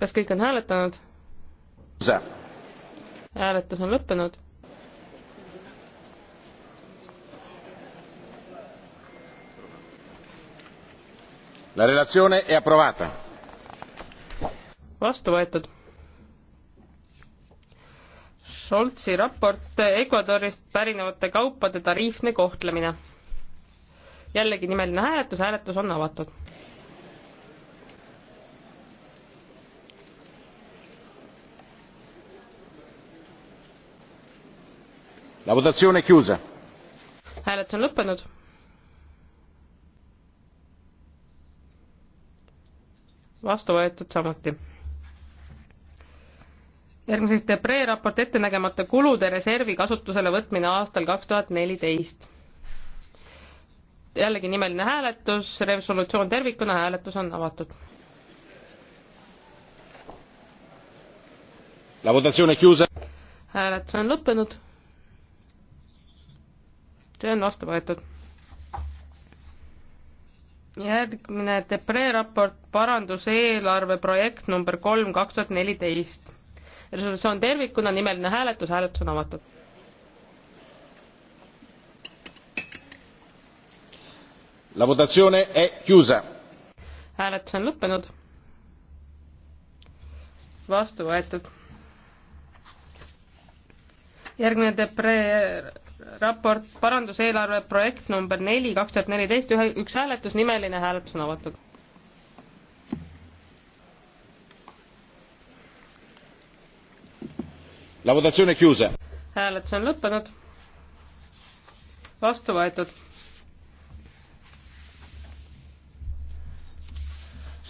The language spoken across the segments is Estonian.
kas kõik on hääletanud? hääletus on lõppenud. La relazione è approvata. vastu võetud. Scholzi raport Ecuadorist pärinevate kaupade tariifne kohtlemine. jällegi nimeline hääletus, hääletus on avatud hääletus on lõppenud. vastu võetud samuti. järgmiseks Debre raport ettenägemata kulude reservi kasutusele võtmine aastal kaks tuhat neliteist. jällegi nimeline hääletus, resolutsioon tervikuna, hääletus on avatud. hääletus on lõppenud see on vastu võetud. järgmine Depree raport, paranduseelarve projekt number kolm, kaks tuhat neliteist. resolutsioon tervikuna, nimeline hääletus, hääletus on avatud. La votazione è chiusa. hääletus on lõppenud. vastu võetud. järgmine Depree raport, paranduseelarve projekt number neli, kaks tuhat neliteist, ühe, üks hääletus, nimeline hääletus on avatud. hääletus on lõppenud. vastu võetud.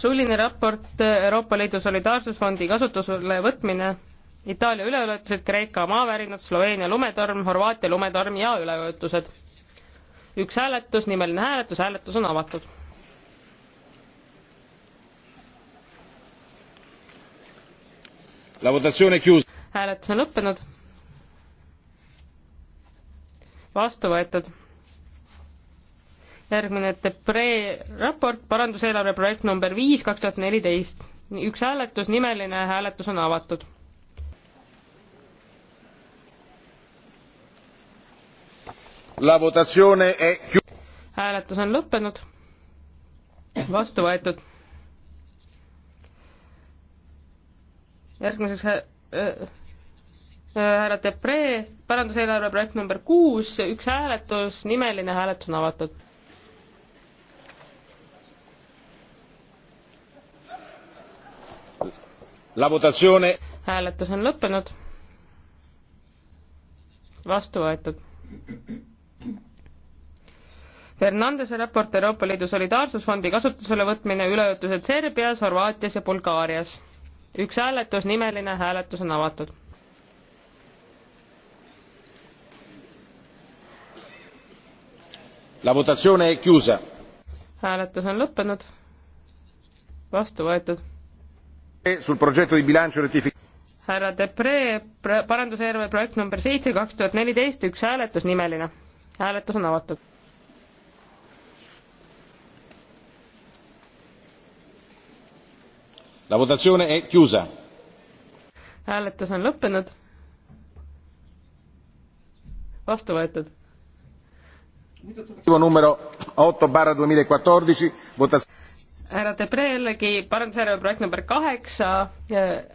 suuline raport Euroopa Liidu Solidaarsusfondi kasutusele võtmine Itaalia üleujutused, Kreeka maavärinad, Sloveenia lumetorm, Horvaatia lumetorm ja üleujutused. üks hääletus, nimeline hääletus, hääletus on avatud. hääletus on lõppenud. vastu võetud. järgmine Depre raport, paranduseelarve projekt number viis, kaks tuhat neliteist. üks hääletus, nimeline hääletus on avatud hääletus on lõppenud. vastu võetud. järgmiseks äh, äh, äh, härra Depree, paranduseelarve projekt number kuus, üks hääletus, nimeline hääletus on avatud. hääletus on lõppenud. vastu võetud. Fernandese raport Euroopa Liidu solidaarsusfondi kasutusele võtmine, üleujutused Serbias, Horvaatias ja Bulgaarias. üks hääletus, nimeline hääletus on avatud. La votazione è chiusa. Hääletus on lõppenud. Vastu võetud. Sul progetto di bilancio rettific- härra Depre, paranduseelarve projekt number seitse, kaks tuhat neliteist, üks hääletus nimeline. hääletus on avatud. la votazione è chiusa hääletus on lõppenud vastu võetud numero otto barra duemilaquattordici härra Debre jällegi parandusjärve projekt number kaheksa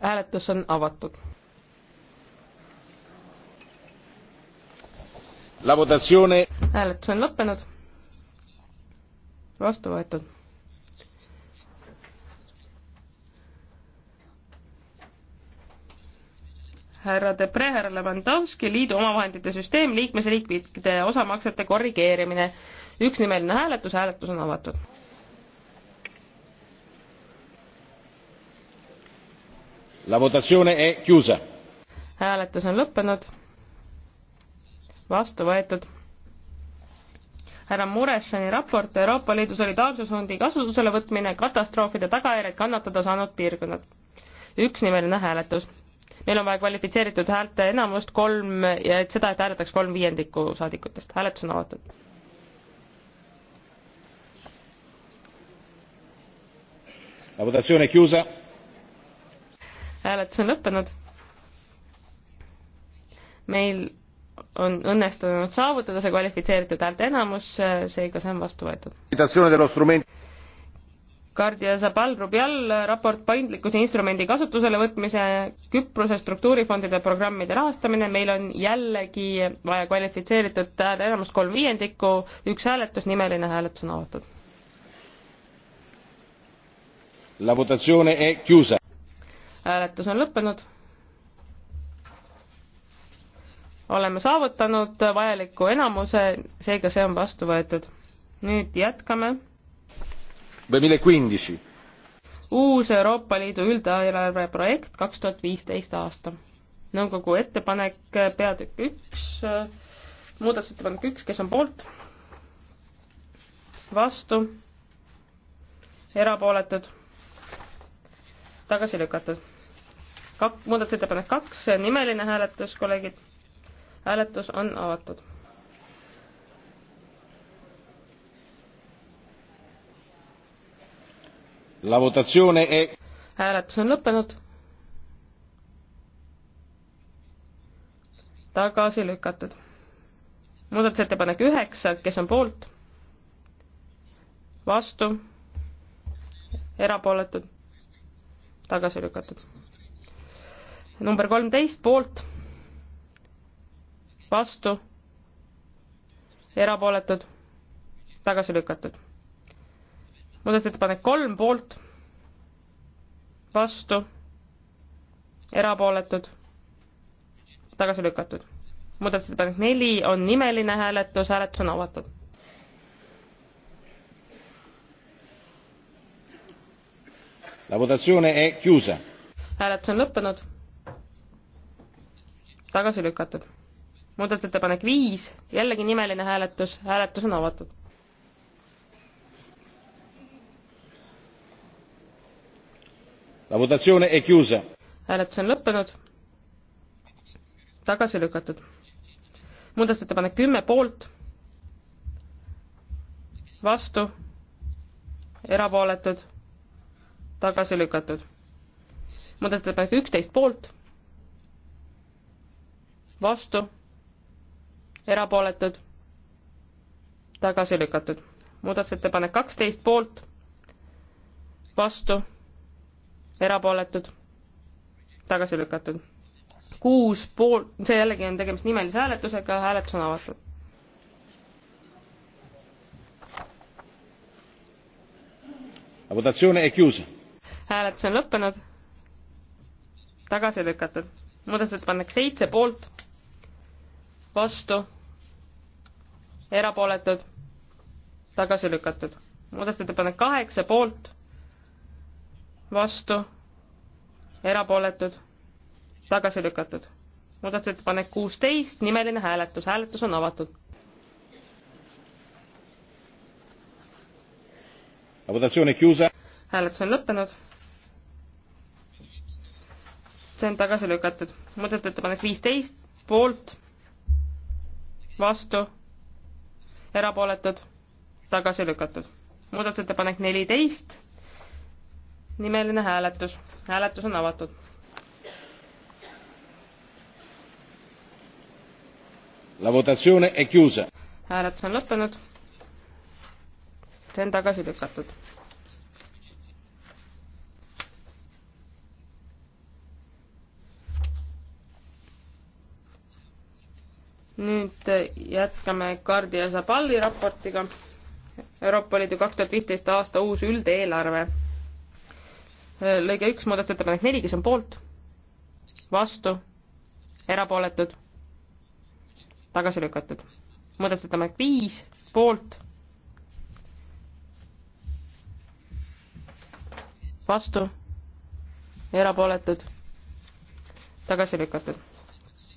hääletus on avatud la votazione hääletus on lõppenud vastu võetud härra Debre, härra Lewandowski, liidu omavahendite süsteem, liikmesriikide osamaksete korrigeerimine. üksnimeline hääletus, hääletus on avatud. La votazione è chiusa. hääletus on lõppenud. vastu võetud härra Murešani raport Euroopa Liidu solidaarsusfondi kasutusele võtmine katastroofide tagajärjed kannatada saanud piirkonnad. üksnimeline hääletus meil on vaja kvalifitseeritud häälte enamust kolm ja et seda, et hääletaks kolm viiendikku saadikutest. hääletus on avatud. hääletus on lõppenud. meil on õnnestunud saavutada see kvalifitseeritud häälte enamus, seega see on vastu võetud. Guardia Zabal Rubial raport paindlikkuse instrumendi kasutusele võtmise Küprose struktuurifondide programmide rahastamine, meil on jällegi vaja kvalifitseeritud hääle enamust kolm viiendikku, üks hääletus, nimeline hääletus on avatud. La votazione è chiusa. hääletus on lõppenud. oleme saavutanud vajaliku enamuse, seega see on vastu võetud. nüüd jätkame uus Euroopa Liidu üldeelarve projekt kaks tuhat viisteist aasta. nõukogu ettepanek eh, peatükk üks, eh, muudatusettepanek üks, kes on poolt? vastu? erapooletud? tagasi lükatud? kak-, muudatusettepanek kaks, nimeline hääletus, kolleegid. hääletus on avatud La votazione è... hääletus on lõppenud. tagasi lükatud. muudatusettepanek üheksa, kes on poolt? vastu? erapooletud? tagasi lükatud. number kolmteist poolt? vastu? erapooletud? tagasi lükatud muudatusettepanek kolm poolt, vastu, erapooletud, tagasi lükatud. muudatusettepanek neli on nimeline hääletus, hääletus on avatud. La votazione è chiusa. hääletus on lõppenud. tagasi lükatud. muudatusettepanek viis, jällegi nimeline hääletus, hääletus on avatud hääletus on lõppenud. tagasi lükatud. muudatusettepanek kümme poolt, vastu, erapooletud, tagasi lükatud. muudatusettepanek üksteist poolt, vastu, erapooletud, tagasi lükatud. muudatusettepanek kaksteist poolt, vastu erapooletud, tagasi lükatud. kuus pool, see jällegi on tegemist nimelise hääletusega, hääletus on avatud. hääletus on lõppenud, tagasi lükatud. muudatusettepanek seitse poolt, vastu, erapooletud, tagasi lükatud. muudatusettepanek kaheksa poolt vastu, erapooletud, tagasi lükatud. muudatusettepanek kuusteist, nimeline hääletus, hääletus on avatud. hääletus on lõppenud. see on tagasi lükatud. muudatusettepanek viisteist, poolt, vastu, erapooletud, tagasi lükatud. muudatusettepanek neliteist nimeline hääletus. hääletus on avatud. La votazione è chiusa. hääletus on lõppenud. see on tagasi lükatud. nüüd jätkame Guardia Zabali raportiga Euroopa Liidu kaks tuhat viisteist aasta uus üldeelarve lõige üks, muudatusettepanek neli, kes on poolt, vastu, erapooletud, tagasi lükatud. muudatusettepanek viis, poolt, vastu, erapooletud, tagasi lükatud.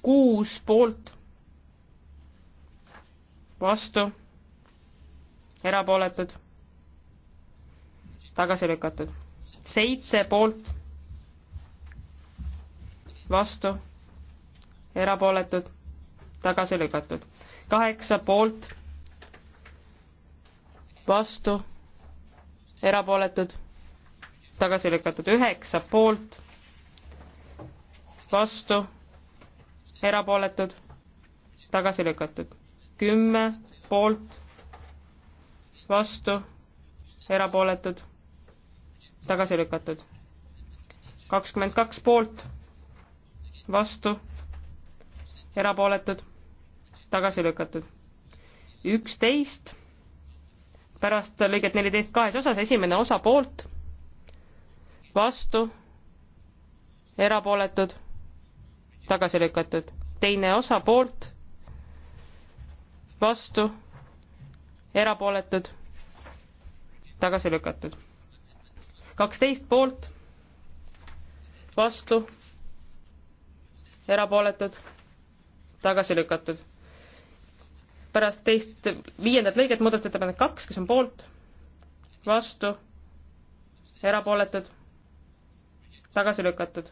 kuus poolt, vastu, erapooletud, tagasi lükatud seitse poolt, vastu, erapooletud, tagasi lükatud. kaheksa poolt, vastu, erapooletud, tagasi lükatud. üheksa poolt, vastu, erapooletud, tagasi lükatud. kümme poolt, vastu, erapooletud tagasi lükatud. kakskümmend kaks poolt, vastu, erapooletud, tagasi lükatud. üksteist, pärast lõiget neliteist kahes osas, esimene osa poolt, vastu, erapooletud, tagasi lükatud. teine osa poolt, vastu, erapooletud, tagasi lükatud kaksteist poolt, vastu, erapooletud, tagasi lükatud. pärast teist, viiendat lõiget muudatusettepanek kaks, kes on poolt, vastu, erapooletud, tagasi lükatud.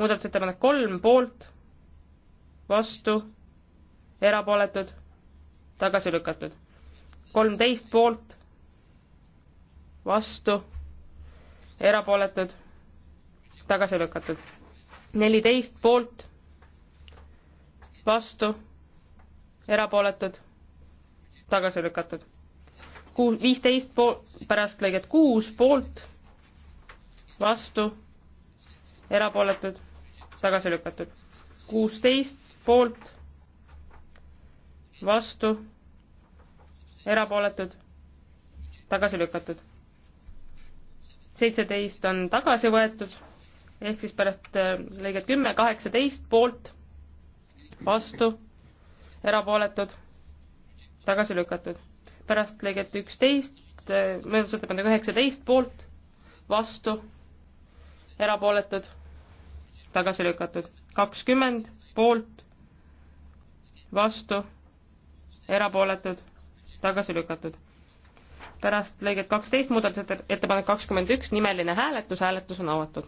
muudatusettepanek kolm poolt, vastu, erapooletud, tagasi lükatud. kolmteist poolt, vastu erapooletud, tagasi lükatud. neliteist poolt, vastu, erapooletud, tagasi lükatud. kuus, viisteist pool-, pärast lõiget kuus poolt, vastu, erapooletud, tagasi lükatud. kuusteist poolt, vastu, erapooletud, tagasi lükatud seitseteist on tagasi võetud, ehk siis pärast äh, lõiget kümme, kaheksateist poolt, vastu, erapooletud, tagasi lükatud. pärast lõiget üksteist, äh, muudatusettepanek üheksateist poolt, vastu, erapooletud, tagasi lükatud. kakskümmend poolt, vastu, erapooletud, tagasi lükatud pärast lõiget kaksteist muudatusettepanek kakskümmend üks, nimeline hääletus, hääletus on avatud.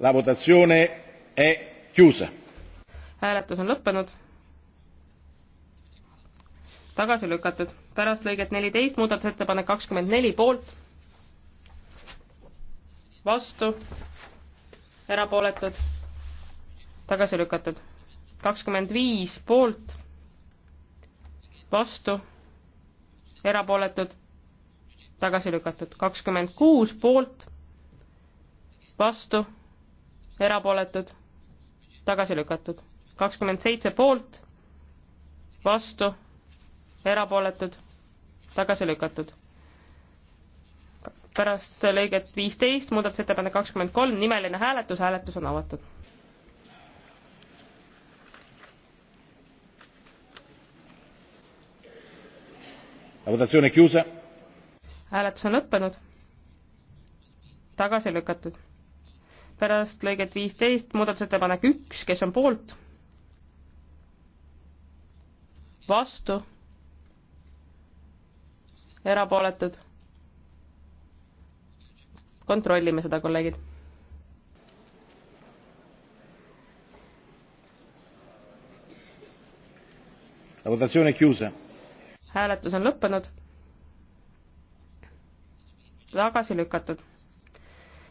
La votazione è chiusa. hääletus on lõppenud. tagasi lükatud. pärast lõiget neliteist muudatusettepanek kakskümmend neli poolt, vastu, erapooletud, tagasi lükatud kakskümmend viis poolt, vastu, erapooletud, tagasi lükatud, kakskümmend kuus poolt, vastu, erapooletud, tagasi lükatud, kakskümmend seitse poolt, vastu, erapooletud, tagasi lükatud. pärast lõiget viisteist muudatusettepanek kakskümmend kolm, nimeline hääletus, hääletus on avatud hääletus on lõppenud. tagasi lükatud. pärast lõiget viisteist muudatusettepanek üks, kes on poolt? vastu? erapooletud? kontrollime seda, kolleegid la votazione è chiusa hääletus on lõppenud. tagasi lükatud.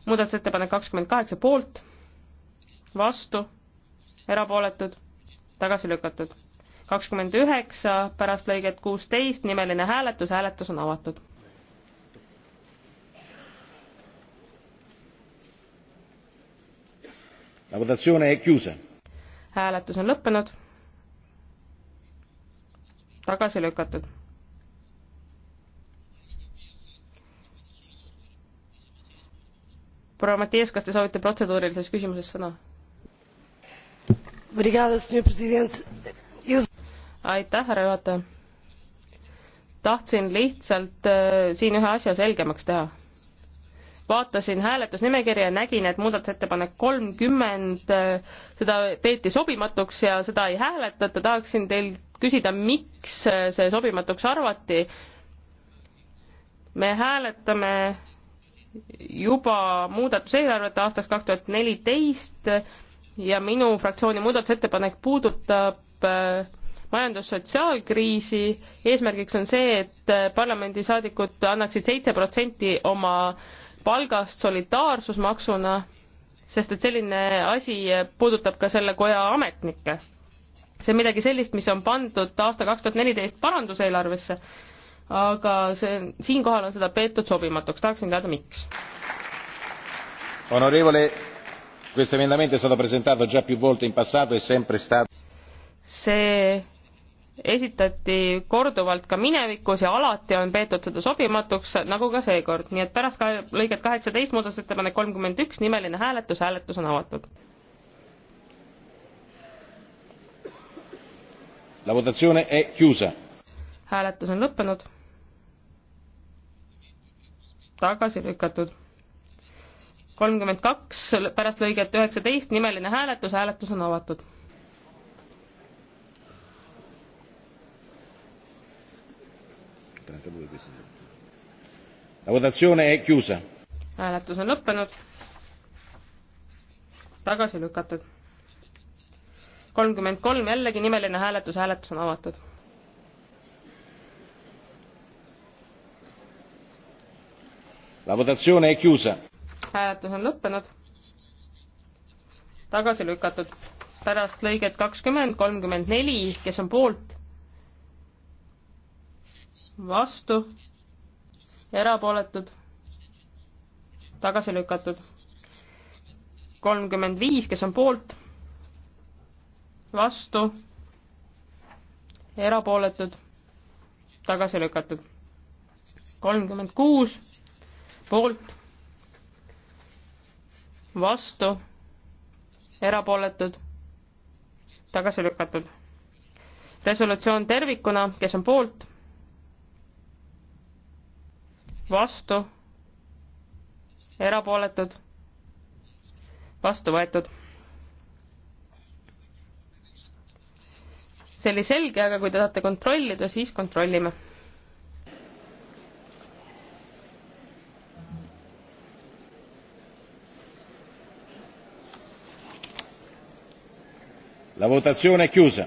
muudatusettepanek kakskümmend kaheksa poolt, vastu, erapooletud, tagasi lükatud. kakskümmend üheksa pärast lõiget kuusteist nimeline hääletus, hääletus on avatud. hääletus on lõppenud tagasi lükatud. proua Matias, kas te soovite protseduurilises küsimuses sõna? aitäh, härra juhataja. tahtsin lihtsalt äh, siin ühe asja selgemaks teha vaatasin hääletusnimekirja ja nägin, et muudatusettepanek kolmkümmend, äh, seda peeti sobimatuks ja seda ei hääletata, tahaksin teil küsida, miks äh, see sobimatuks arvati. me hääletame juba muudatuseelarvet aastaks kaks tuhat neliteist ja minu fraktsiooni muudatusettepanek puudutab äh, majandussotsiaalkriisi, eesmärgiks on see, et parlamendisaadikud annaksid seitse protsenti oma äh, palgast solidaarsusmaksuna, sest et selline asi puudutab ka selle koja ametnikke. see on midagi sellist, mis on pandud aasta kaks tuhat neliteist paranduseelarvesse, aga see, siinkohal on seda peetud sobimatuks, tahaksin teada, miks. Onorevole, questo emendamento è stato presentato già più volte in passato e sempre stato see esitati korduvalt ka minevikus ja alati on peetud seda sobimatuks, nagu ka seekord, nii et pärast ka lõiget kaheksateist muudatusettepanek kolmkümmend üks, nimeline hääletus, hääletus on avatud. La votazione è chiusa. hääletus on lõppenud. tagasi lükatud. kolmkümmend kaks pärast lõiget üheksateist, nimeline hääletus, hääletus on avatud hääletus on lõppenud. tagasi lükatud. kolmkümmend kolm jällegi nimeline hääletus, hääletus on avatud. hääletus on lõppenud. tagasi lükatud. pärast lõiget kakskümmend, kolmkümmend neli, kes on poolt vastu, erapooletud, tagasi lükatud. kolmkümmend viis, kes on poolt, vastu, erapooletud, tagasi lükatud. kolmkümmend kuus, poolt, vastu, erapooletud, tagasi lükatud. resolutsioon tervikuna, kes on poolt vastu, erapooletud, vastu võetud. see oli selge, aga kui te tahate kontrollida, siis kontrollime la votazione è chiusa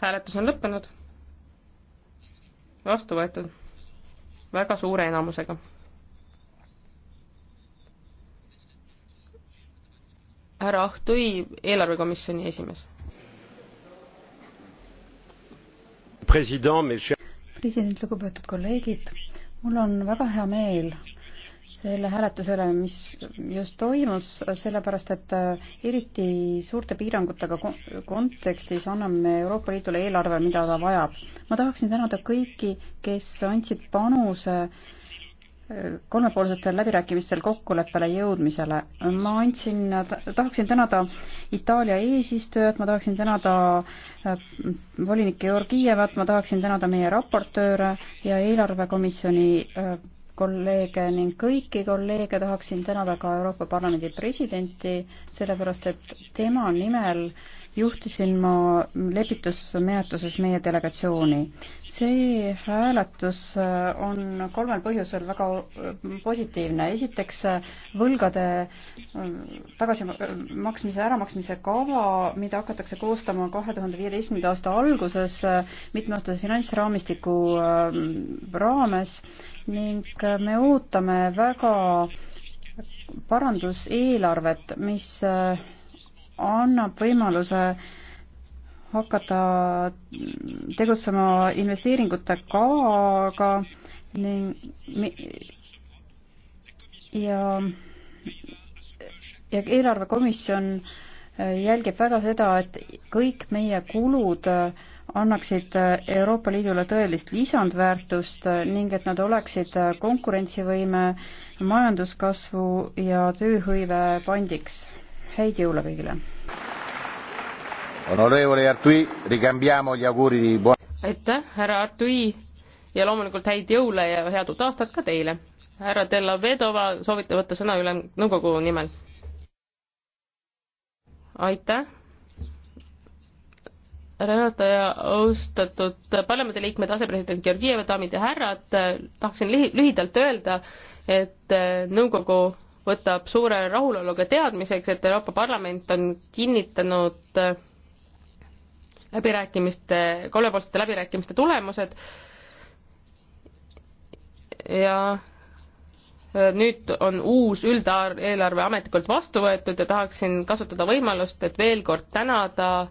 hääletus on lõppenud vastu võetud väga suure enamusega. härra Ahtõi, eelarvekomisjoni esimees. president, lugupeetud kolleegid, mul on väga hea meel selle hääletusele, mis just toimus, sellepärast et äh, eriti suurte piirangutega kontekstis anname Euroopa Liidule eelarve, mida ta vajab. ma tahaksin tänada kõiki, kes andsid panuse äh, kolmepoolsetel läbirääkimistel kokkuleppele jõudmisele. ma andsin, tahaksin tänada Itaalia eesistujat, ma tahaksin tänada äh, volinik Georgievat, ma tahaksin tänada meie raportööre ja eelarvekomisjoni kolleege ning kõiki kolleege tahaksin tänada ka Euroopa Parlamendi presidenti, sellepärast et tema nimel juhtisin ma lepitusmenetluses meie delegatsiooni see hääletus äh, on kolmel põhjusel väga äh, positiivne. esiteks äh, võlgade tagasimaksmise, äramaksmise kava, mida hakatakse koostama kahe tuhande viieteistkümnenda aasta alguses mitmeaastase finantsraamistiku raames ning me ootame väga paranduseelarvet, mis annab võimaluse hakata tegutsema investeeringute kavaga ning ja ja eelarvekomisjon jälgib väga seda, et kõik meie kulud annaksid Euroopa Liidule tõelist lisandväärtust ning et nad oleksid konkurentsivõime, majanduskasvu ja tööhõive pandiks. häid jõule kõigile! aitäh, härra Artui ja loomulikult häid jõule ja head uut aastat ka teile. härra Delavedova, soovite võtta sõna ülemnõukogu nimel? aitäh. Renata ja austatud parlamendiliikmed, asepresident Georgiev, daamid ja härrad, tahaksin lühidalt öelda, et nõukogu võtab suure rahuloluga teadmiseks, et Euroopa Parlament on kinnitanud läbirääkimiste, kolmepoolsete läbirääkimiste tulemused. ja e, nüüd on uus üldeelarve ametlikult vastu võetud ja tahaksin kasutada võimalust, et veel kord tänada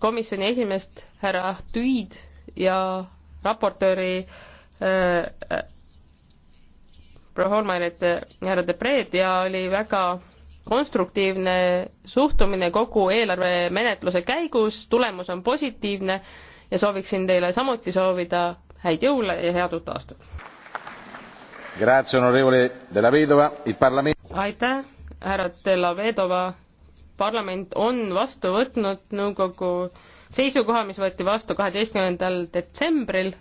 komisjoni esimeest härra Tüid ja raportööri äh, äh, proua Holmainet ja härra Debreed ja oli väga konstruktiivne suhtumine kogu eelarvemenetluse käigus, tulemus on positiivne ja sooviksin teile samuti soovida häid jõule ja head uut aastat. aitäh, härra Della Vedova. parlament on vastu võtnud nõukogu seisukoha, mis võeti vastu kaheteistkümnendal detsembril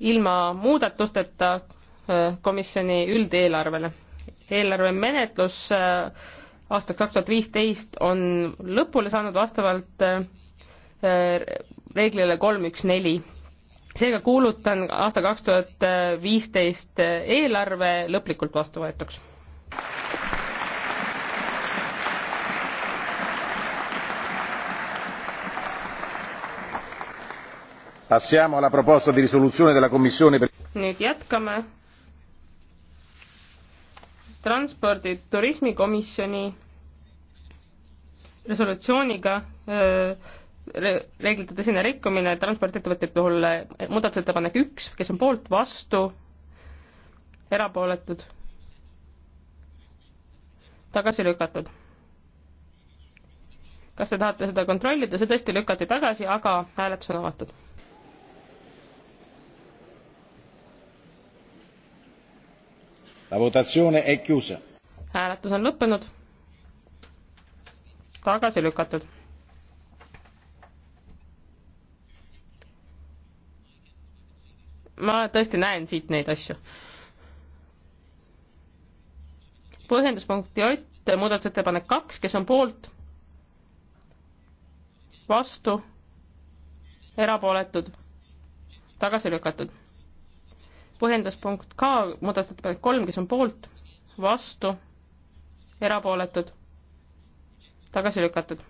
ilma muudatusteta eh, komisjoni üldeelarvele eelarve menetlus äh, aastaks kaks tuhat viisteist on lõpule saanud vastavalt äh, reeglile kolm, üks, neli. seega kuulutan aasta kaks tuhat viisteist eelarve lõplikult vastu võetuks. passiamo alla proposta di risoluzione della commissione per nüüd jätkame transpordi turismikomisjoni resolutsiooniga reeglite tõsine rikkumine transpordiettevõtete puhul eh, muudatusettepanek üks, kes on poolt, vastu, erapooletud, tagasi lükatud. kas te tahate seda kontrollida, see tõesti lükati tagasi, aga hääletus on avatud hääletus on lõppenud. tagasi lükatud. ma tõesti näen siit neid asju. põhjenduspunkti Ott, muudatusettepanek kaks, kes on poolt? vastu? erapooletud? tagasi lükatud? põhjenduspunkt K, muudatusettepanek kolm, kes on poolt, vastu, erapooletud, tagasi lükatud.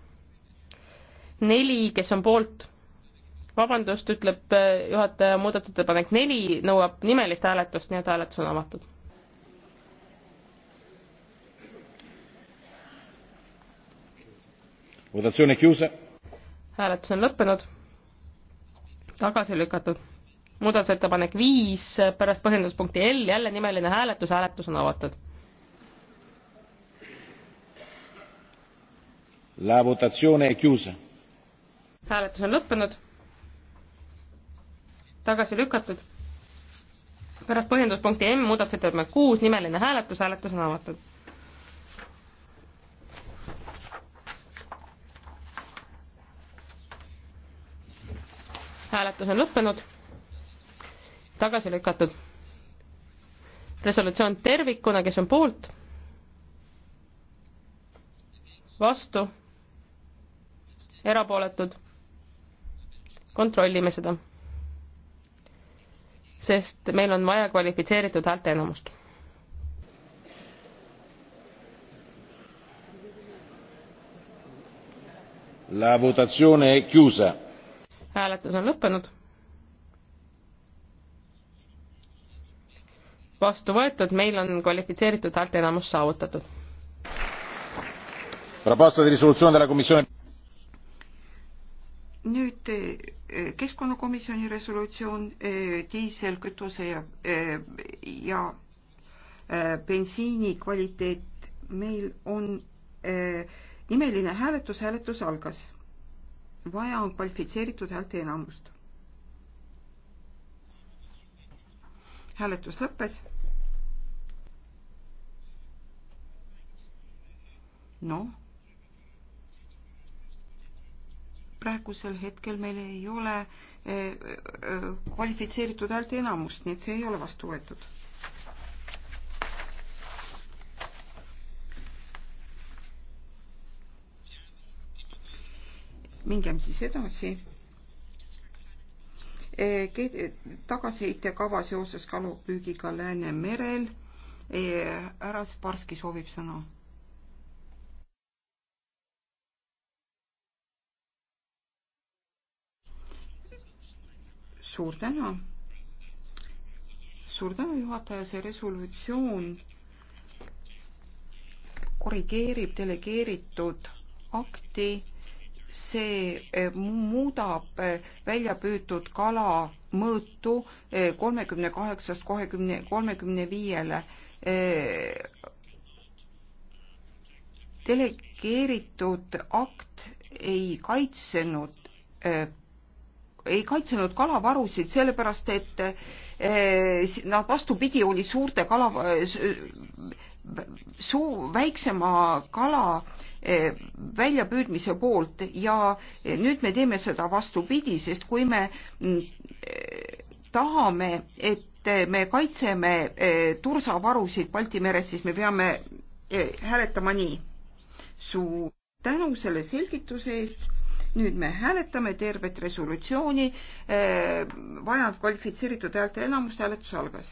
neli, kes on poolt, vabandust, ütleb äh, juhataja, muudatusettepanek neli nõuab nimelist hääletust, nii et hääletus on avatud. hääletus on lõppenud, tagasi lükatud muudatusettepanek viis pärast põhjenduspunkti L, jälle nimeline hääletus, hääletus on avatud. La votazione è chiusa. hääletus on lõppenud. tagasi lükatud. pärast põhjenduspunkti M muudatusettepanek kuus, nimeline hääletus, hääletus on avatud. hääletus on lõppenud tagasi lükatud. resolutsioon tervikuna, kes on poolt? vastu? erapooletud? kontrollime seda. sest meil on vaja kvalifitseeritud häälteenamust. La votazione è chiusa. hääletus on lõppenud vastu võetud, meil on kvalifitseeritud häälteenamus saavutatud. nüüd eh, keskkonnakomisjoni resolutsioon eh, diiselkütuse ja, eh, ja bensiini kvaliteet. meil on nimeline hääletus, hääletus algas. vaja on kvalifitseeritud häälteenamust. hääletus lõppes. noh, praegusel hetkel meil ei ole eh, eh, kvalifitseeritud häälteenamust, nii et see ei ole vastu võetud. mingem siis edasi Eh, tagasiheitekava seoses kalupüügiga Läänemerel. Eh, härra Sparski soovib sõna. suur tänu. suur tänu, juhataja, see resolutsioon korrigeerib delegeeritud akti see eh, muudab eh, välja püütud kala mõõtu eh, kolmekümne kaheksast kahekümne, kolmekümne viiele. delegeeritud akt ei kaitsenud, ei kaitsenud kalavarusid, sellepärast et nad noh, vastupidi, oli suurte kala, suu, väiksema kala eh, väljapüüdmise poolt ja eh, nüüd me teeme seda vastupidi, sest kui me mm, eh, tahame, et me kaitseme tursavarusid Balti meres, siis me peame hääletama nii. suur tänu selle selgituse eest nüüd me hääletame tervet resolutsiooni, vajab kvalifitseeritud häälte enamust, hääletus algas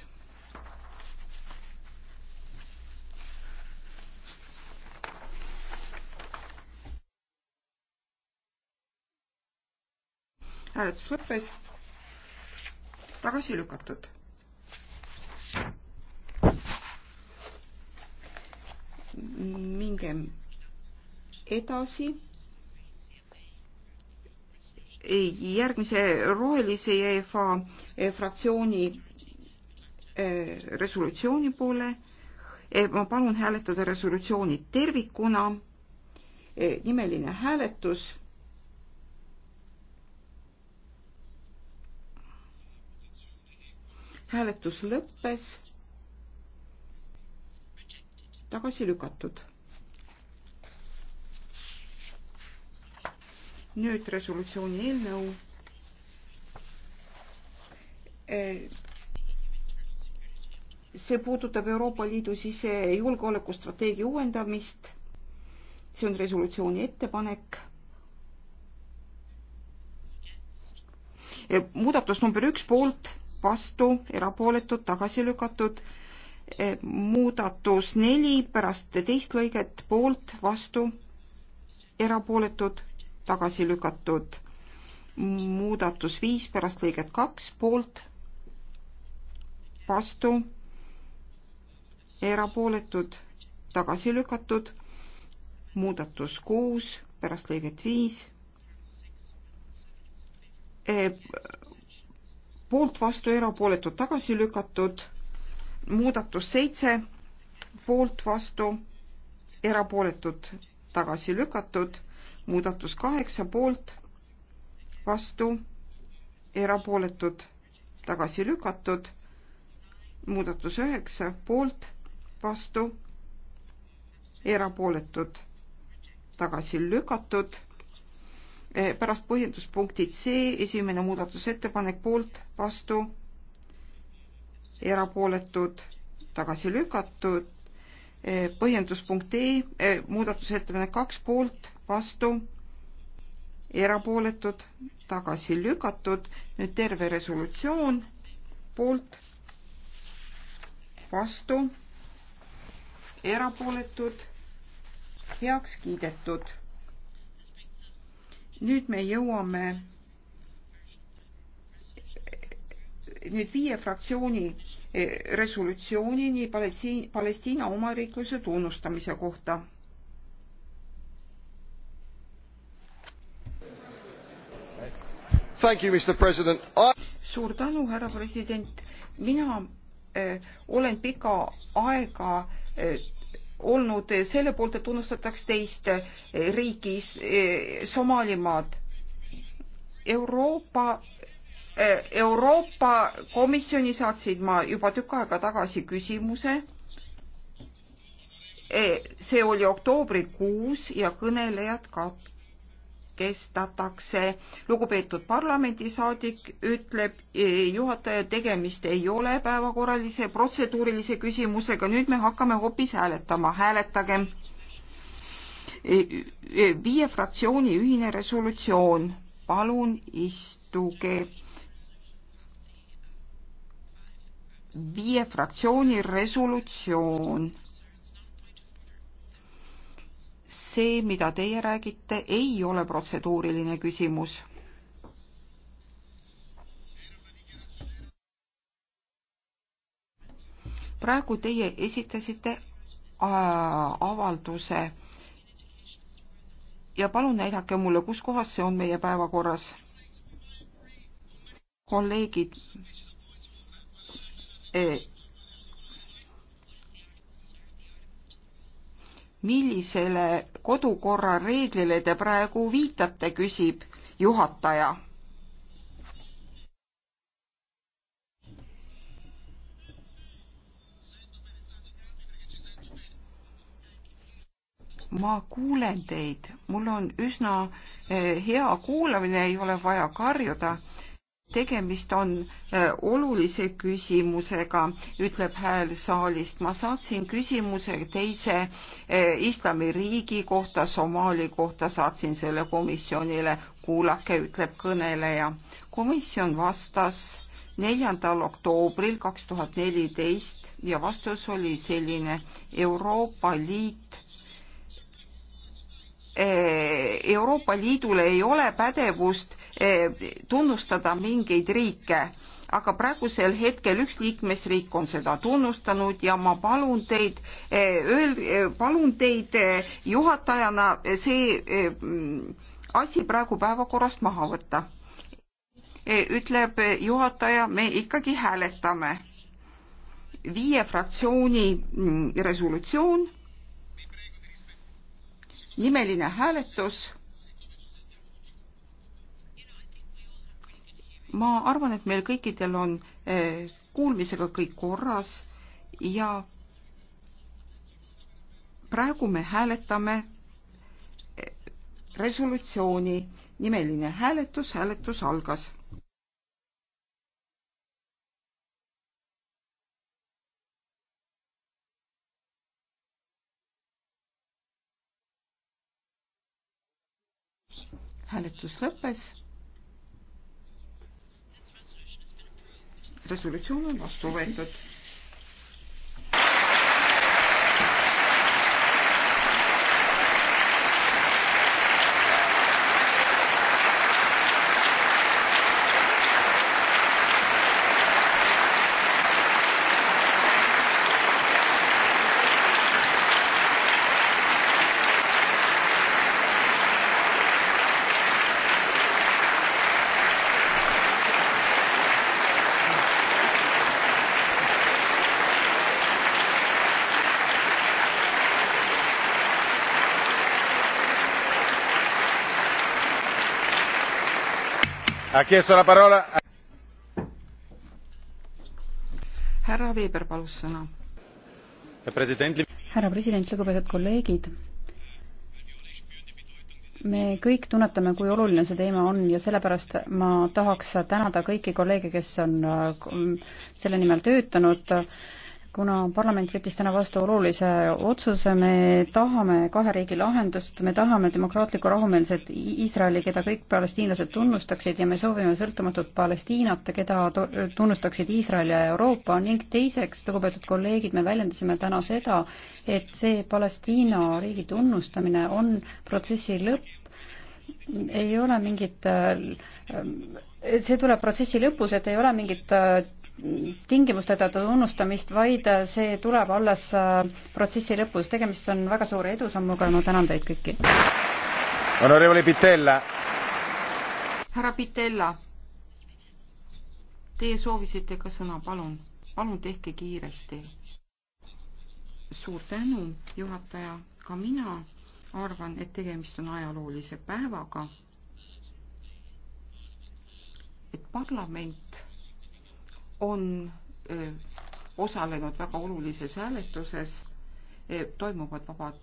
hääletus lõppes. tagasi lükatud. mingem edasi. järgmise rohelise EFA e fraktsiooni e, resolutsiooni poole. E, ma palun hääletada resolutsiooni tervikuna. nimeline hääletus hääletus lõppes. tagasi lükatud. nüüd resolutsiooni eelnõu eh, see puudutab Euroopa Liidu sisejulgeolekustrateegia uuendamist. see on resolutsiooni ettepanek. Eh, muudatus number üks poolt, vastu, erapooletud, tagasi lükatud. E, muudatus neli pärast teist lõiget poolt, vastu, erapooletud, tagasi lükatud. muudatus viis pärast lõiget kaks poolt, vastu, erapooletud, tagasi lükatud. muudatus kuus pärast lõiget viis e, poolt, vastu, erapooletud, tagasi lükatud. muudatus seitse, poolt, vastu, erapooletud, tagasi lükatud. muudatus kaheksa, poolt, vastu, erapooletud, tagasi lükatud. muudatus üheksa, poolt, vastu, erapooletud, tagasi lükatud Eh, pärast põhjenduspunktid C, esimene muudatusettepanek poolt, vastu, erapooletud, tagasi lükatud, eh, põhjenduspunkt E, eh, muudatusettepanek kaks poolt, vastu, erapooletud, tagasi lükatud, nüüd terve resolutsioon poolt, vastu, erapooletud, heaks kiidetud nüüd me jõuame nüüd viie fraktsiooni eh, resolutsioonini Palestiina omariikluse tunnustamise kohta. You, I... suur tänu, härra president. mina äh, olen pika aega äh, olnud selle poolt, et tunnustataks teist riiki, eh, Somaalimaad. Euroopa, eh, Euroopa Komisjoni saatsin ma juba tükk aega tagasi küsimuse. Eh, see oli oktoobrikuus ja kõnelejad kat-, katkestatakse. lugupeetud parlamendisaadik ütleb e, juhataja, tegemist ei ole päevakorralise protseduurilise küsimusega, nüüd me hakkame hoopis hääletama, hääletagem. E, e, viie fraktsiooni ühine resolutsioon, palun istuge viie fraktsiooni resolutsioon see, mida teie räägite, ei ole protseduuriline küsimus. praegu teie esitasite äh, avalduse ja palun näidake mulle, kus kohas see on meie päevakorras. kolleegid, äh, millisele kodukorra reeglile te praegu viitate, küsib juhataja. ma kuulen teid, mul on üsna eh, hea kuulamine, ei ole vaja karjuda tegemist on äh, olulise küsimusega, ütleb hääl saalist. ma saatsin küsimuse teise äh, islamiriigi kohta, Somaali kohta, saatsin selle komisjonile. kuulake, ütleb kõneleja. komisjon vastas neljandal oktoobril kaks tuhat neliteist ja vastus oli selline. Euroopa Liit Eh, Euroopa Liidul ei ole pädevust eh, tunnustada mingeid riike, aga praegusel hetkel üks liikmesriik on seda tunnustanud ja ma palun teid, eh, palun teid juhatajana see asi praegu päevakorrast maha võtta. ütleb juhataja, me ikkagi hääletame viie fraktsiooni mm, resolutsioon nimeline hääletus. ma arvan, et meil kõikidel on eh, kuulmisega kõik korras ja praegu me hääletame eh, resolutsiooni. nimeline hääletus, hääletus algas hääletus lõppes. resolutsioon on vastu võetud härra Weber palus sõna. härra president, lugupeetud kolleegid me kõik tunnetame, kui oluline see teema on ja sellepärast ma tahaks tänada kõiki kolleege, kes on äh, selle nimel töötanud kuna parlament võttis täna vastu olulise otsuse, me tahame kahe riigi lahendust, me tahame demokraatlikku rahumeelset Iisraeli, keda kõik palestiinlased tunnustaksid ja me soovime sõltumatut Palestiinat, keda tunnustaksid Iisrael ja Euroopa ning teiseks, lugupeetud kolleegid, me väljendasime täna seda, et see Palestiina riigi tunnustamine on protsessi lõpp, ei ole mingit äh, see tuleb protsessi lõpus, et ei ole mingit äh, tingimusteta tunnustamist, vaid see tuleb alles äh, protsessi lõpus. tegemist on väga suure edusammuga ja ma tänan teid kõiki. härra Pitella, teie soovisite ka sõna, palun, palun tehke kiiresti. suur tänu, juhataja, ka mina arvan, et tegemist on ajaloolise päevaga, et parlament on osalenud väga olulises hääletuses, e, toimuvad vabad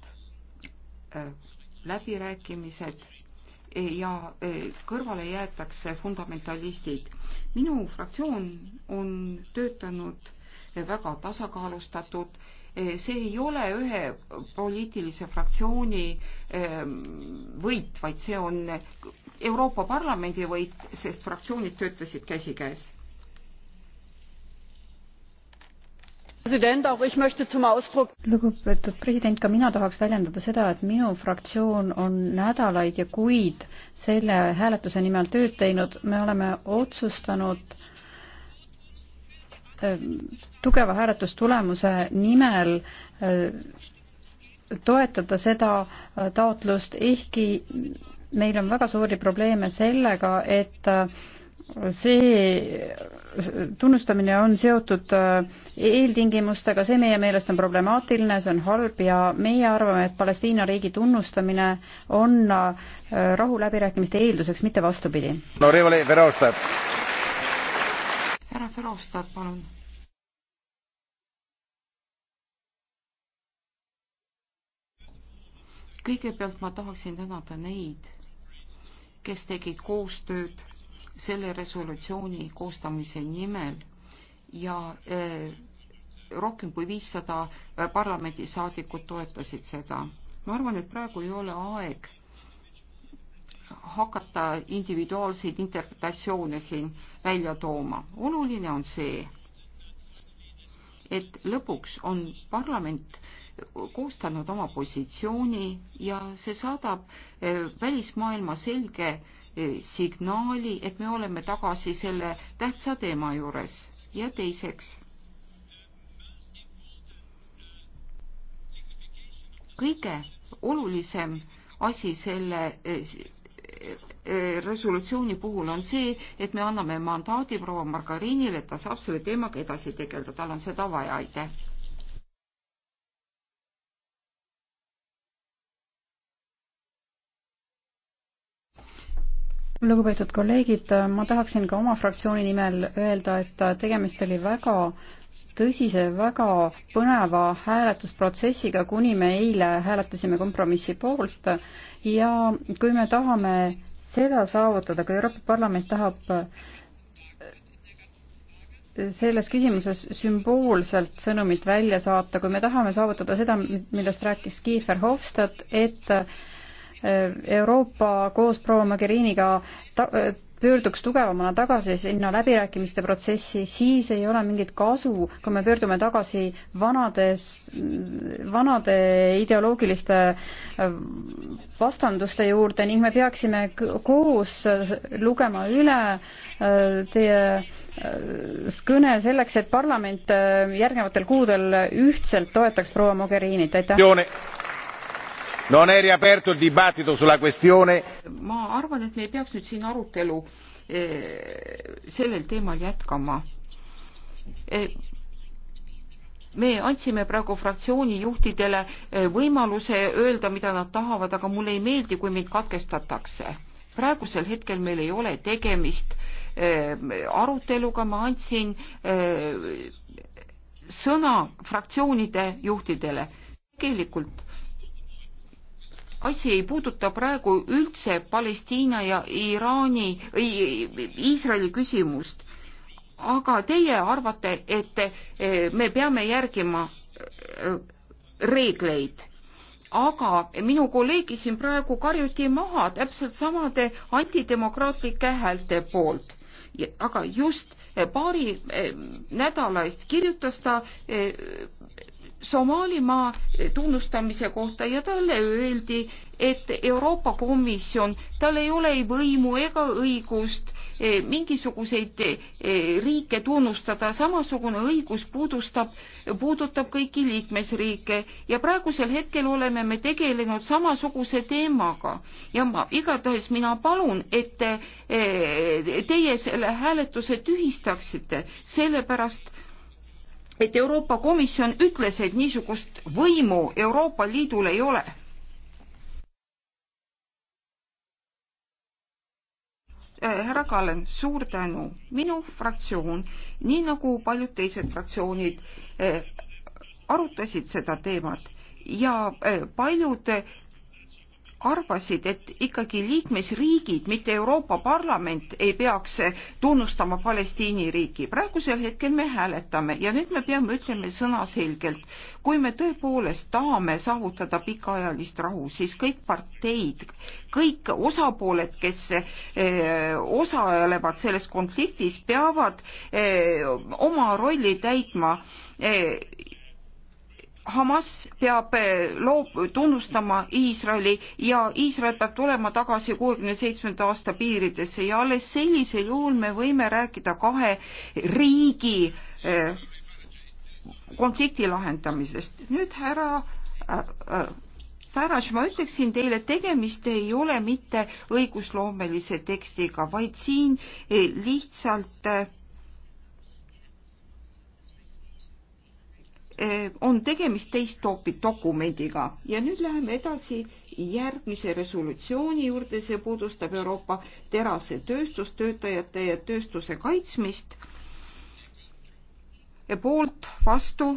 läbirääkimised e, ja e, kõrvale jäetakse fundamentalistid. minu fraktsioon on töötanud väga tasakaalustatud, see ei ole ühe poliitilise fraktsiooni võit, vaid see on Euroopa Parlamendi võit, sest fraktsioonid töötasid käsikäes lugupeetud president, ka mina tahaks väljendada seda, et minu fraktsioon on nädalaid ja kuid selle hääletuse nimel tööd teinud, me oleme otsustanud ähm, tugeva hääletustulemuse nimel äh, toetada seda äh, taotlust, ehkki meil on väga suuri probleeme sellega, et äh, see tunnustamine on seotud äh, eeltingimustega, see meie meelest on problemaatiline, see on halb ja meie arvame, et Palestiina riigi tunnustamine on äh, rahuläbirääkimiste eelduseks, mitte vastupidi. no Rivoli, Verhofstadt. härra Verhofstadt, palun. kõigepealt ma tahaksin tänada neid, kes tegid koostööd selle resolutsiooni koostamise nimel ja eh, rohkem kui viissada eh, parlamendisaadikut toetasid seda. ma arvan, et praegu ei ole aeg hakata individuaalseid interpretatsioone siin välja tooma. oluline on see, et lõpuks on parlament koostanud oma positsiooni ja see saadab eh, välismaailma selge Eh, signaali, et me oleme tagasi selle tähtsa teema juures ja teiseks kõige olulisem asi selle eh, eh, resolutsiooni puhul on see, et me anname mandaadi proua Margarinile, et ta saab selle teemaga edasi tegeleda, tal on seda vaja, aitäh. lugupeetud kolleegid, ma tahaksin ka oma fraktsiooni nimel öelda, et tegemist oli väga tõsise, väga põneva hääletusprotsessiga, kuni me eile hääletasime kompromissi poolt ja kui me tahame seda saavutada, kui Euroopa Parlament tahab selles küsimuses sümboolselt sõnumit välja saata, kui me tahame saavutada seda, millest rääkis Kiefer Hofstad, et Euroopa koos proua Mogheriniga ta-, pöörduks tugevamana tagasi sinna läbirääkimiste protsessi, siis ei ole mingit kasu, kui me pöördume tagasi vanades, vanade ideoloogiliste vastanduste juurde ning me peaksime koos lugema üle teie kõne selleks, et parlament järgnevatel kuudel ühtselt toetaks proua Mogherinit, aitäh! non è riaperto il dibattito sulla questione. ma arvan et me ei peaks nüüd siin arutelu eh, sellel teemal jätkama. Eh, me andsime praegu fraktsiooni juhtidele eh, võimaluse öelda, mida nad tahavad, aga mulle ei meeldi, kui mind katkestatakse. praegusel hetkel meil ei ole tegemist aruteluga, ma andsin sõna fraktsioonide juhtidele. tegelikult asi ei puuduta praegu üldse Palestiina ja Iraani, Iisraeli küsimust. aga teie arvate, et e, me peame järgima e, reegleid. aga minu kolleegi siin praegu karjuti maha täpselt samade antidemokraatlike häälte poolt. aga just e, paari nädala eest kirjutas ta Somaalimaa tunnustamise kohta ja talle öeldi, et Euroopa Komisjon, tal ei ole ei võimu ega õigust eh, mingisuguseid eh, riike tunnustada, samasugune õigus puudustab, puudutab kõiki liikmesriike ja praegusel hetkel oleme me tegelenud samasuguse teemaga ja ma igatahes mina palun, et eh, teie selle hääletuse tühistaksite, sellepärast et Euroopa Komisjon ütles, et niisugust võimu Euroopa Liidul ei ole. Äh, härra Kallen, suur tänu. minu fraktsioon, nii nagu paljud teised fraktsioonid, äh, arutasid seda teemat ja äh, paljud arvasid, et ikkagi liikmesriigid, mitte Euroopa Parlament ei peaks tunnustama Palestiini riiki. praegusel hetkel me hääletame ja nüüd me peame ütlema sõnaselgelt, kui me tõepoolest tahame saavutada pikaajalist rahu, siis kõik parteid, kõik osapooled, kes eh, osalevad selles konfliktis, peavad eh, oma rolli täitma eh, Hamas peab eh, loob, tunnustama Iisraeli ja Iisrael peab tulema tagasi kuuekümne seitsmenda aasta piiridesse ja alles sellisel juhul me võime rääkida kahe riigi eh, konflikti lahendamisest. nüüd härra äh, äh, Farage, ma ütleksin teile, tegemist ei ole mitte õigusloomelise tekstiga, vaid siin eh, lihtsalt Eh, on tegemist teist toopi dokumendiga ja nüüd läheme edasi järgmise resolutsiooni juurde, see puudustab Euroopa terase tööstustöötajate ja tööstuse kaitsmist. poolt, vastu,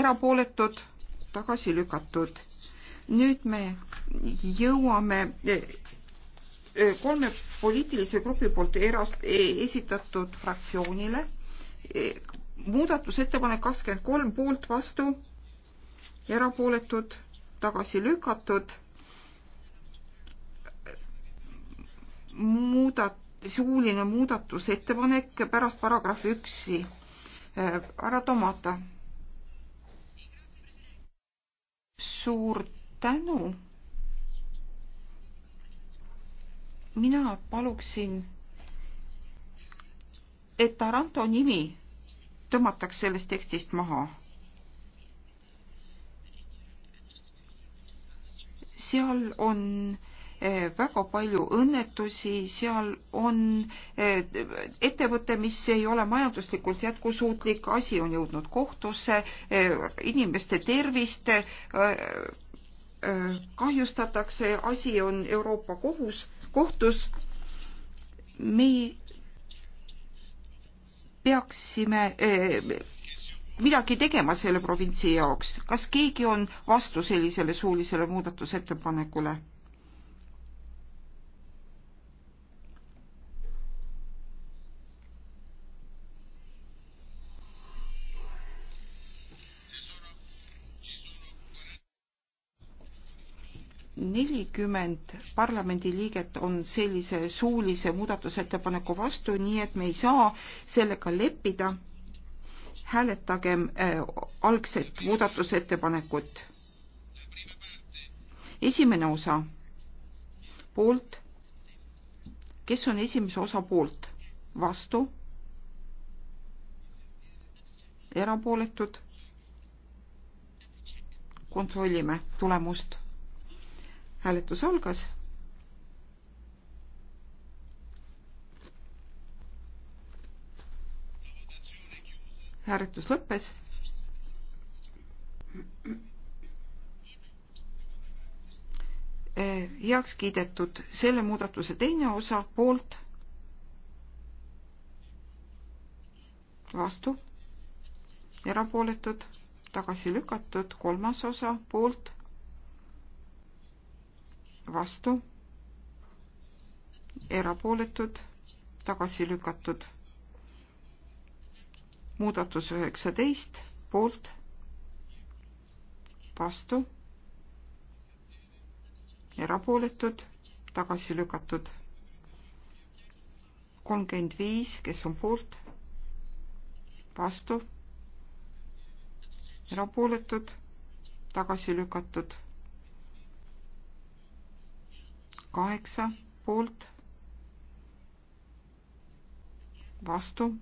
erapooletud, tagasi lükatud. nüüd me jõuame eh, eh, kolme poliitilise grupi poolt erast, esitatud fraktsioonile muudatusettepanek kakskümmend kolm poolt vastu, erapooletud, tagasi lükatud. muudat-, suuline muudatusettepanek pärast paragrahvi üksi ära äh, tomata. suur tänu. mina paluksin, et Taranto nimi tõmmataks sellest tekstist maha. seal on eh, väga palju õnnetusi, seal on eh, ettevõte, mis ei ole majanduslikult jätkusuutlik, asi on jõudnud kohtusse, eh, inimeste tervist kahjustatakse, asi on Euroopa kohus, kohtus. me peaksime eh, midagi tegema selle provintsi jaoks. kas keegi on vastu sellisele suulisele muudatusettepanekule? nelikümmend parlamendiliiget on sellise suulise muudatusettepaneku vastu, nii et me ei saa sellega leppida. hääletagem äh, algset muudatusettepanekut. esimene osa poolt. kes on esimese osa poolt? vastu? erapooletud? kontrollime tulemust hääletus algas. hääletus lõppes. heaks kiidetud selle muudatuse teine osa poolt. vastu, erapooletud, tagasi lükatud, kolmas osa poolt vastu, erapooletud, tagasi lükatud. muudatus üheksateist, poolt, vastu, erapooletud, tagasi lükatud. kolmkümmend viis, kes on poolt, vastu, erapooletud, tagasi lükatud kaheksa poolt, vastu,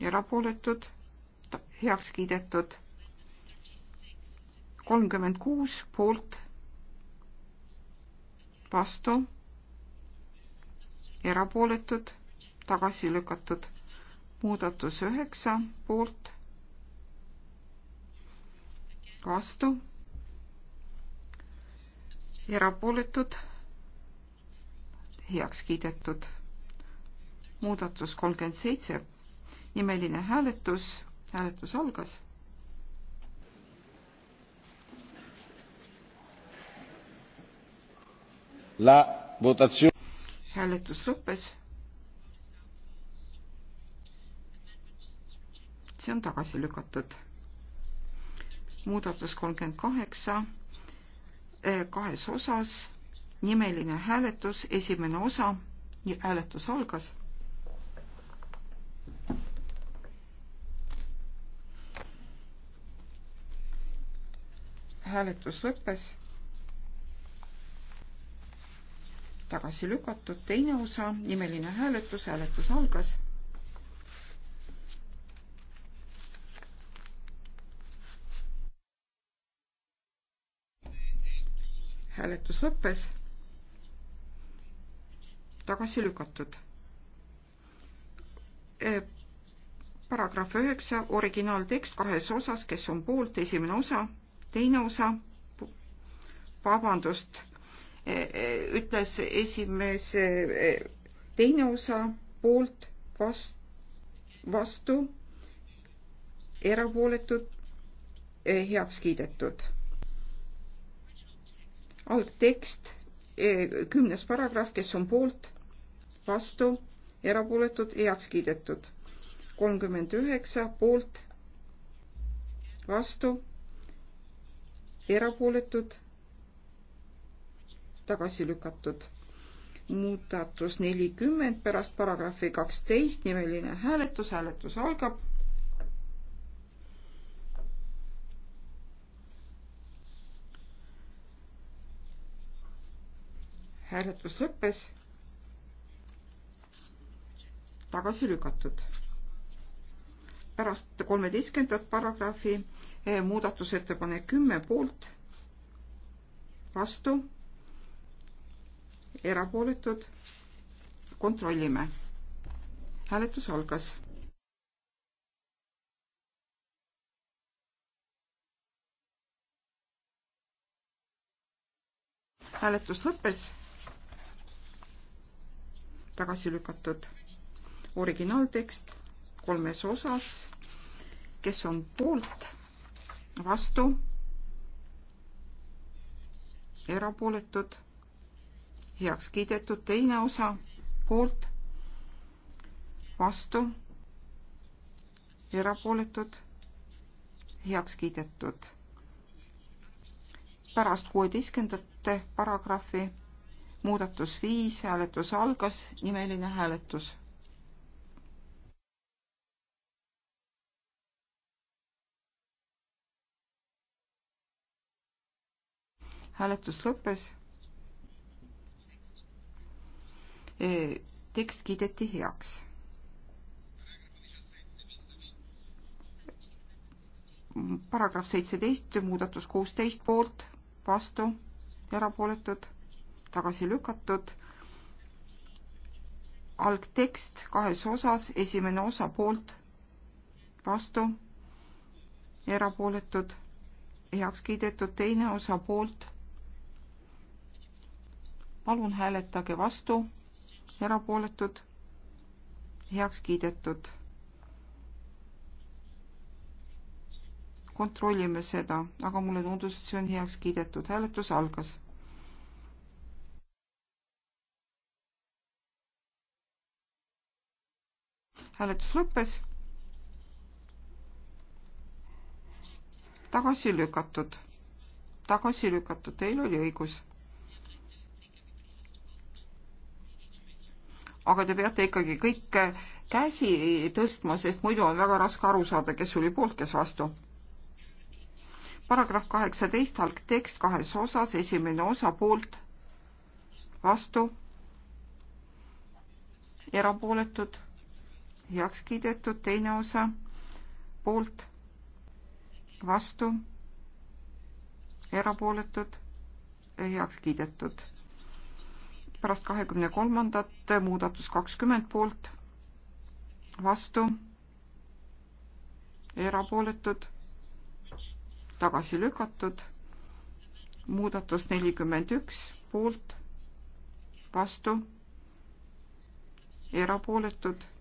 erapooletud, heaks kiidetud, kolmkümmend kuus poolt, vastu, erapooletud, tagasi lükatud, muudatus üheksa poolt, vastu erapooletud, heaks kiidetud. muudatus kolmkümmend seitse, nimeline hääletus, hääletus algas. La votatsioon. hääletus lõppes. see on tagasi lükatud. muudatus kolmkümmend kaheksa Äh, kahes osas, nimeline hääletus, esimene osa, hääletus algas. hääletus lõppes. tagasi lükatud teine osa, nimeline hääletus, hääletus algas hääletus lõppes. tagasi lükatud. E, paragrahv üheksa, originaaltekst kahes osas, kes on poolt, esimene osa, teine osa, vabandust, e, e, ütles esimees, teine osa poolt, vastu, vastu, erapooletud, heaks kiidetud algtekst, e, kümnes paragrahv, kes on poolt, vastu, erapooletud, heaks kiidetud. kolmkümmend üheksa poolt, vastu, erapooletud, tagasi lükatud. muudatus nelikümmend pärast paragrahvi kaksteist nimeline hääletus, hääletus algab hääletus lõppes. tagasi lükatud. pärast kolmeteistkümnendat paragrahvi eh, muudatusettepanek kümme poolt, vastu, erapooletud, kontrollime. hääletus algas hääletus lõppes tagasi lükatud. originaaltekst kolmes osas, kes on poolt, vastu, erapooletud, heaks kiidetud, teine osa poolt, vastu, erapooletud, heaks kiidetud. pärast kuueteistkümnendate paragrahvi muudatus viis, hääletus algas, nimeline hääletus. hääletus lõppes. tekst kiideti heaks. paragrahv seitseteist, muudatus kuusteist poolt, vastu, erapooletud tagasi lükatud. algtekst kahes osas, esimene osa poolt, vastu, erapooletud, heaks kiidetud, teine osa poolt. palun hääletage vastu, erapooletud, heaks kiidetud kontrollime seda, aga mulle tundus, et see on heaks kiidetud. hääletus algas. hääletus lõppes. tagasi lükatud, tagasi lükatud, teil oli õigus. aga te peate ikkagi kõik käsi tõstma, sest muidu on väga raske aru saada, kes oli poolt, kes vastu. paragrahv kaheksateist algtekst kahes osas, esimene osa poolt, vastu, erapooletud heaks kiidetud, teine osa poolt, vastu, erapooletud, heaks kiidetud. pärast kahekümne kolmandat muudatus kakskümmend poolt, vastu, erapooletud, tagasi lükatud, muudatus nelikümmend üks poolt, vastu, erapooletud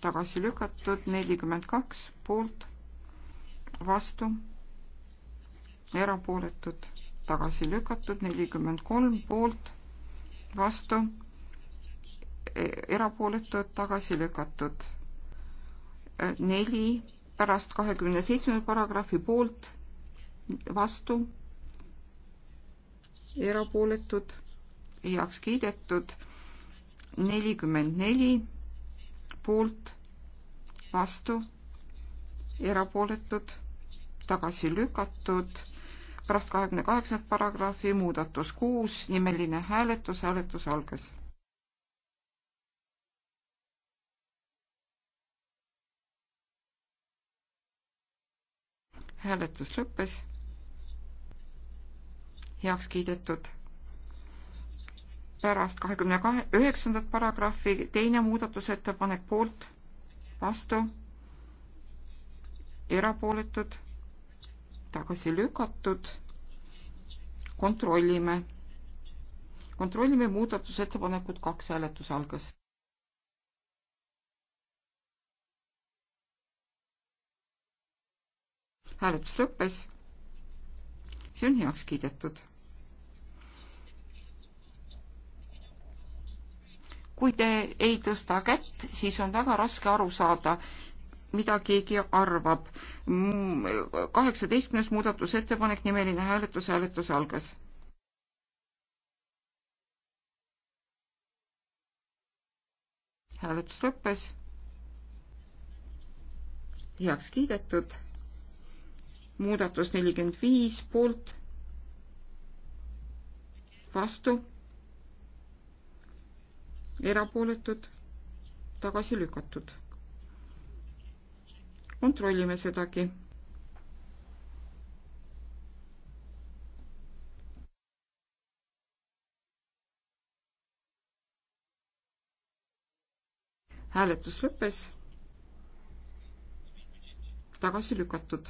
tagasi lükatud, nelikümmend kaks poolt, vastu, erapooletud, tagasi lükatud, nelikümmend kolm poolt, vastu, e, erapooletud, tagasi lükatud, neli pärast kahekümne seitsmenda paragrahvi poolt, vastu, erapooletud, heaks kiidetud, nelikümmend neli poolt, vastu, erapooletud, tagasi lükatud. pärast kahekümne kaheksandat paragrahvi muudatus kuus, nimeline hääletus, hääletus algas. hääletus lõppes. heaks kiidetud pärast kahekümne kahe, üheksandat paragrahvi teine muudatusettepanek poolt, vastu, erapooletud, tagasi lükatud. kontrollime, kontrollime muudatusettepanekut, kaks hääletus algas. hääletus lõppes. see on heaks kiidetud kui te ei tõsta kätt, siis on väga raske aru saada, mida keegi arvab. kaheksateistkümnes muudatusettepanek, nimeline hääletus, hääletus algas. hääletus lõppes. heaks kiidetud. muudatus nelikümmend viis poolt, vastu erapooletud, tagasi lükatud. kontrollime sedagi. hääletus lõppes. tagasi lükatud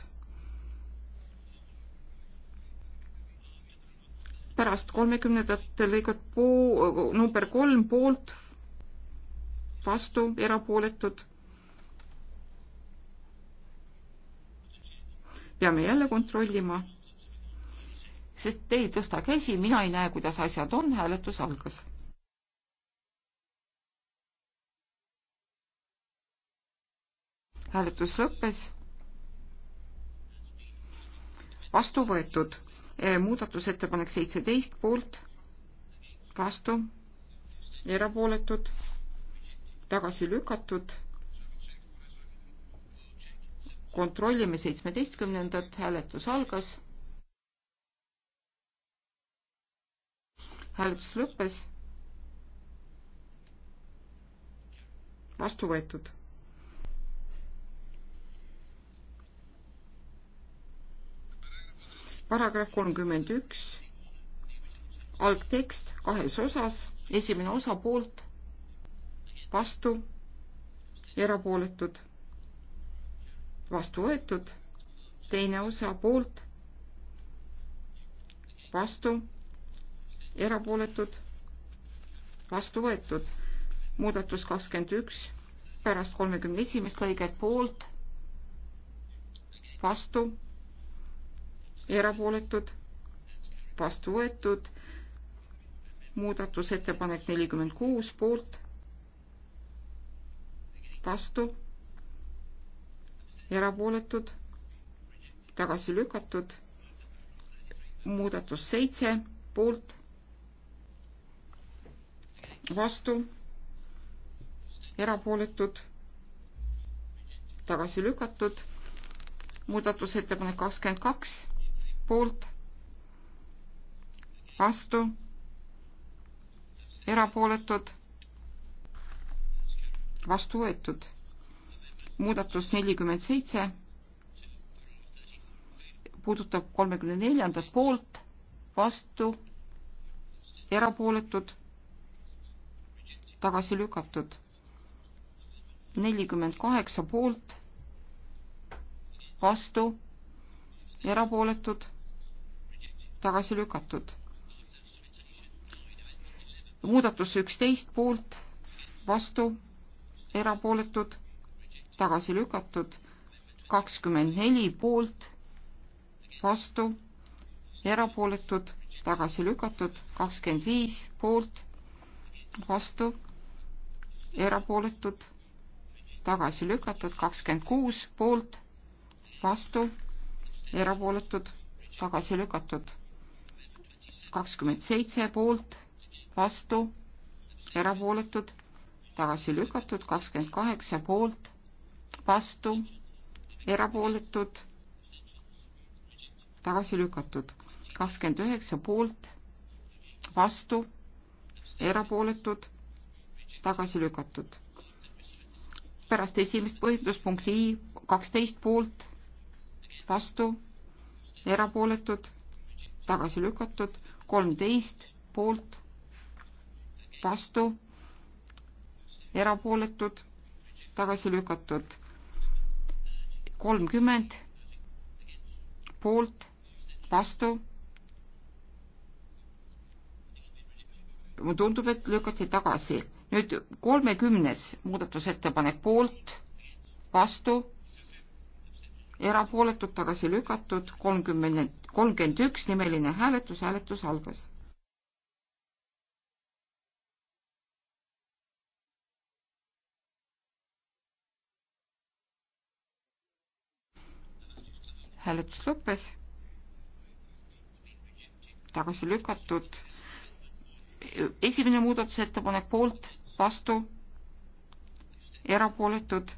pärast kolmekümnendat lõiget poo-, number kolm poolt, vastu, erapooletud. peame jälle kontrollima, sest te ei tõsta käsi, mina ei näe, kuidas asjad on, hääletus algas hääletus lõppes. vastu võetud Äh, muudatusettepanek seitseteist poolt, vastu, erapooletud, tagasi lükatud. kontrollime seitsmeteistkümnendat, hääletus algas. hääletus lõppes. vastu võetud paragrahv kolmkümmend üks, algtekst kahes osas, esimene osa poolt, vastu, erapooletud, vastu võetud, teine osa poolt, vastu, erapooletud, vastu võetud, muudatus kakskümmend üks, pärast kolmekümne esimest lõiget poolt, vastu erapooletud, vastu võetud, muudatusettepanek nelikümmend kuus poolt, vastu, erapooletud, tagasi lükatud, muudatus seitse poolt, vastu, erapooletud, tagasi lükatud, muudatusettepanek kakskümmend kaks poolt, vastu, erapooletud, vastu võetud. muudatus nelikümmend seitse puudutab kolmekümne neljandat poolt, vastu, erapooletud, tagasi lükatud. nelikümmend kaheksa poolt, vastu, erapooletud tagasi lükatud. muudatus üksteist poolt, vastu, erapooletud, tagasi lükatud, kakskümmend neli poolt, vastu, erapooletud, tagasi lükatud, kakskümmend viis poolt, vastu, erapooletud, tagasi lükatud, kakskümmend kuus poolt, vastu, erapooletud, tagasi lükatud kakskümmend seitse poolt, vastu, erapooletud, tagasi lükatud, kakskümmend kaheksa poolt, vastu, erapooletud, tagasi lükatud, kakskümmend üheksa poolt, vastu, erapooletud, tagasi lükatud. pärast esimest põhjenduspunkti I kaksteist poolt, vastu, erapooletud, tagasi lükatud kolmteist poolt, vastu, erapooletud, tagasi lükatud. kolmkümmend poolt, vastu. mulle tundub, et lükati tagasi. nüüd kolmekümnes muudatusettepanek poolt, vastu erapooletud tagasi lükatud, kolmkümmend, kolmkümmend üks nimeline hääletus, hääletus algas. hääletus lõppes, tagasi lükatud, esimene muudatusettepanek poolt, vastu, erapooletud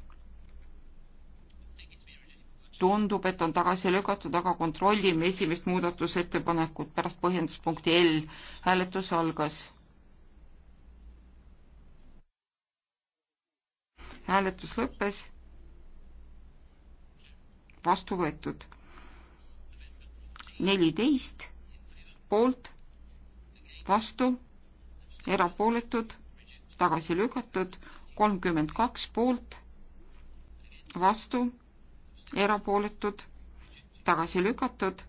tundub, et on tagasi lükatud, aga kontrollime esimest muudatusettepanekut pärast põhjenduspunkti L. hääletus algas. hääletus lõppes. vastu võetud. neliteist poolt, vastu, erapooletud, tagasi lükatud, kolmkümmend kaks poolt, vastu erapooletud, tagasi lükatud.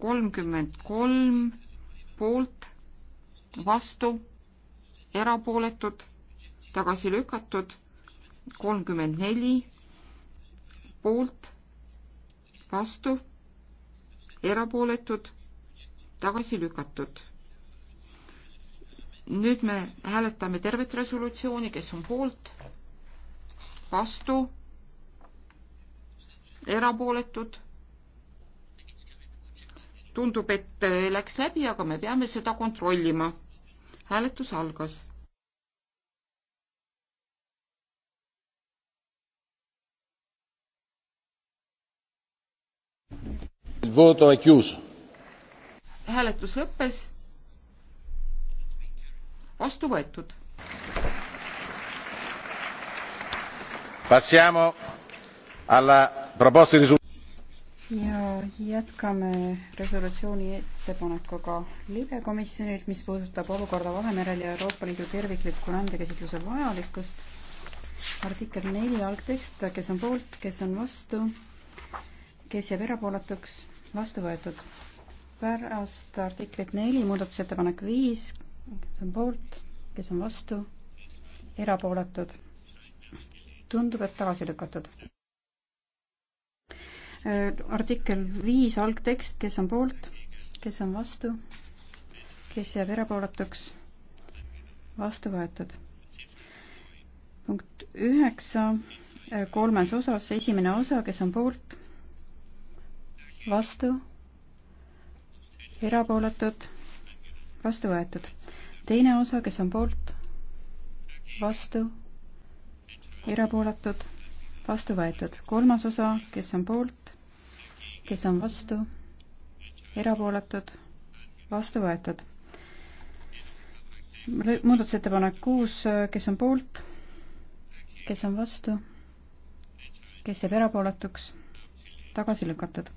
kolmkümmend kolm poolt, vastu, erapooletud, tagasi lükatud. kolmkümmend neli poolt, vastu, erapooletud, tagasi lükatud. nüüd me hääletame tervet resolutsiooni, kes on poolt vastu, erapooletud. tundub, et läks läbi, aga me peame seda kontrollima. hääletus algas. hääletus lõppes. vastu võetud Passiamo alla proposta di risoluzione ja jätkame resolutsiooni ettepanekuga libekomisjonilt, mis puudutab olukorda Vahemerel ja Euroopa Liidu tervikliku rändekäsitluse vajalikkust. artikkel neli algtekst, kes on poolt, kes on vastu, kes jääb erapooletuks, vastu võetud. pärast artiklit neli muudatusettepanek viis, kes on poolt, kes on vastu, erapooletud tundub, et tagasi lükatud. Äh, artikkel viis algtekst, kes on poolt, kes on vastu, kes jääb erapooletuks, vastu võetud. punkt üheksa, äh, kolmes osas, esimene osa, kes on poolt, vastu, erapooletud, vastu võetud. teine osa, kes on poolt, vastu erapooletud, vastu võetud. kolmas osa, kes on poolt, kes on vastu, erapooletud, vastu võetud. muudatusettepanek kuus, kes on poolt, kes on vastu, kes jääb erapooletuks, tagasi lükatud.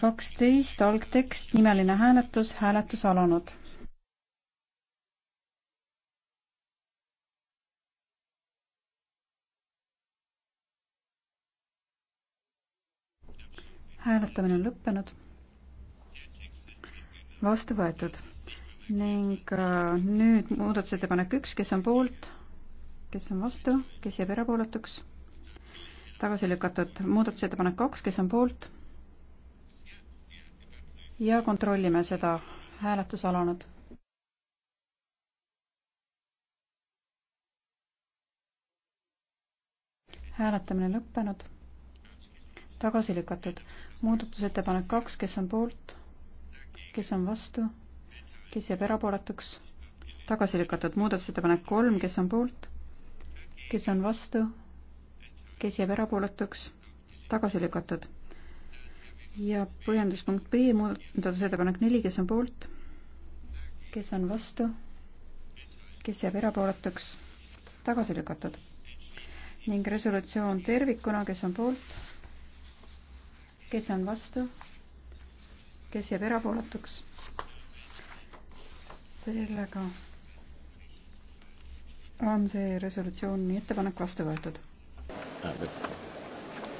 kaksteist, algtekst, nimeline hääletus, hääletus alanud hääletamine on lõppenud. vastu võetud ning äh, nüüd muudatusettepanek üks, kes on poolt, kes on vastu, kes jääb erapooletuks. tagasi lükatud muudatusettepanek kaks, kes on poolt. ja kontrollime seda, hääletus alanud hääletamine lõppenud, tagasi lükatud muudatusettepanek kaks, kes on poolt, kes on vastu, kes jääb erapooletuks, tagasi lükatud muudatusettepanek kolm, kes on poolt, kes on vastu, kes jääb erapooletuks, tagasi lükatud. ja põhjenduspunkt B, muudatusettepanek neli, kes on poolt, kes on vastu, kes jääb erapooletuks, tagasi lükatud. ning resolutsioon tervikuna, kes on poolt kes on vastu, kes jääb erapooletuks. sellega on see resolutsiooni ettepanek vastu võetud. Äh,